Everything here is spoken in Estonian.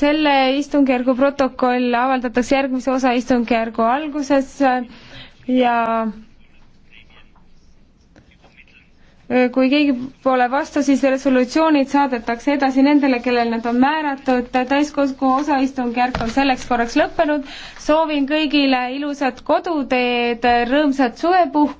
selle istungjärgu protokoll avaldatakse järgmise osa istungjärgu alguses ja kui keegi pole vastu, siis resolutsioonid saadetakse edasi nendele, kellel nad on määratud. täiskogu osaistungjärk on selleks korraks lõppenud. soovin kõigile ilusat koduteed, rõõmsat suvepuhku.